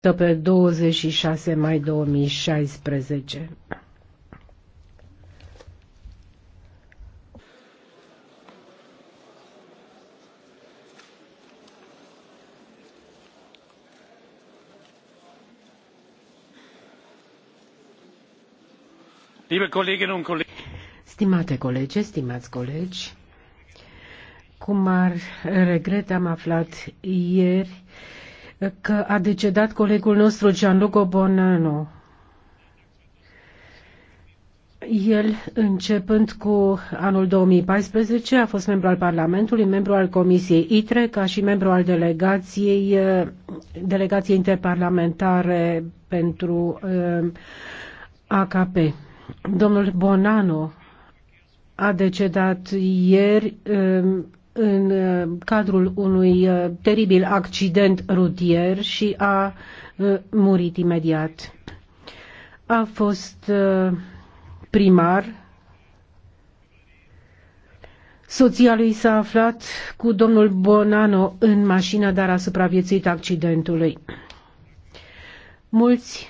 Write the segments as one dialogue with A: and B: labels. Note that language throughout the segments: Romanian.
A: pe 26 mai 2016. Stimate colegi, stimați colegi, cum ar regret am aflat ieri că a decedat colegul nostru Gianluca Bonanno. El, începând cu anul 2014, a fost membru al Parlamentului, membru al Comisiei ITRE, ca și membru al delegației, delegației interparlamentare pentru uh, AKP. Domnul Bonano a decedat ieri uh, în uh, cadrul unui uh, teribil accident rutier și a uh, murit imediat. A fost primar. Soția lui s-a aflat cu domnul Bonano în mașină, dar a supraviețuit accidentului. Mulți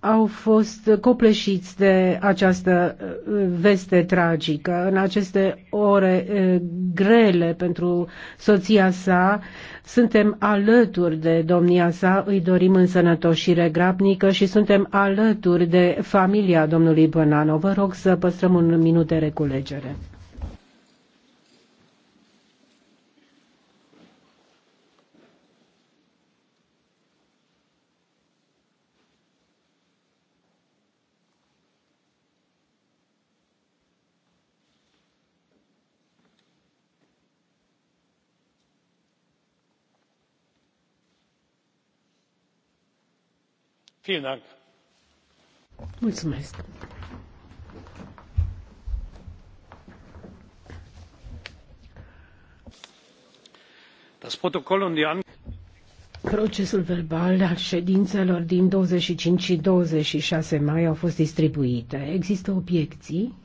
A: au fost copleșiți de această veste tragică. În aceste ore grele pentru soția sa. Suntem alături de domnia sa, îi dorim sănătoșire grabnică și suntem alături de familia domnului Bănano. Vă rog să păstrăm un minut de reculegere. Mulțumesc. Procesul verbal al ședințelor din 25 și 26 mai au fost distribuite. Există obiecții?